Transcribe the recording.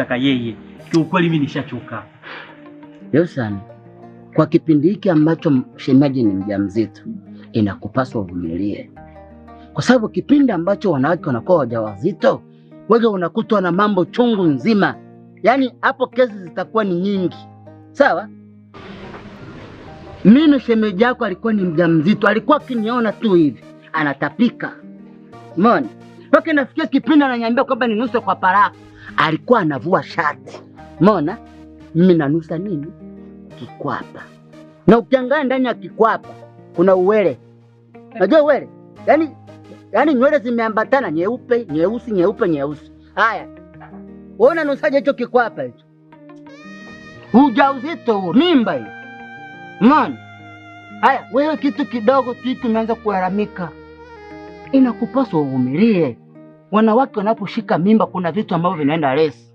anavyotaka yeye. Kiukweli mimi nishachoka. Yosan, kwa kipindi hiki ambacho shemeji ni mjamzito, inakupaswa uvumilie, kwa sababu kipindi ambacho wanawake wanakuwa wajawazito, wewe unakutwa na mambo chungu nzima. Yaani hapo kesi zitakuwa ni nyingi, sawa? Mimi shemeji yako alikuwa ni mjamzito, alikuwa akiniona tu hivi anatapika, umeona? Mpaka nafikia kipindi ananiambia kwamba ninuse kwa paraka alikuwa anavua shati, mona mimi nanusa nini kikwapa, na ukiangaa ndani ya kikwapa kuna uwele. Unajua uwele yaani, yaani nywele zimeambatana nyeupe nyeusi nyeupe nyeusi. Haya, uona nusaje hicho kikwapa hicho? Ujauzito huo, mimba hiyo, mona. Haya, wewe kitu kidogo kitu unaanza kulalamika, inakupaswa uvumilie wanawake wanaposhika mimba kuna vitu ambavyo vinaenda lesi.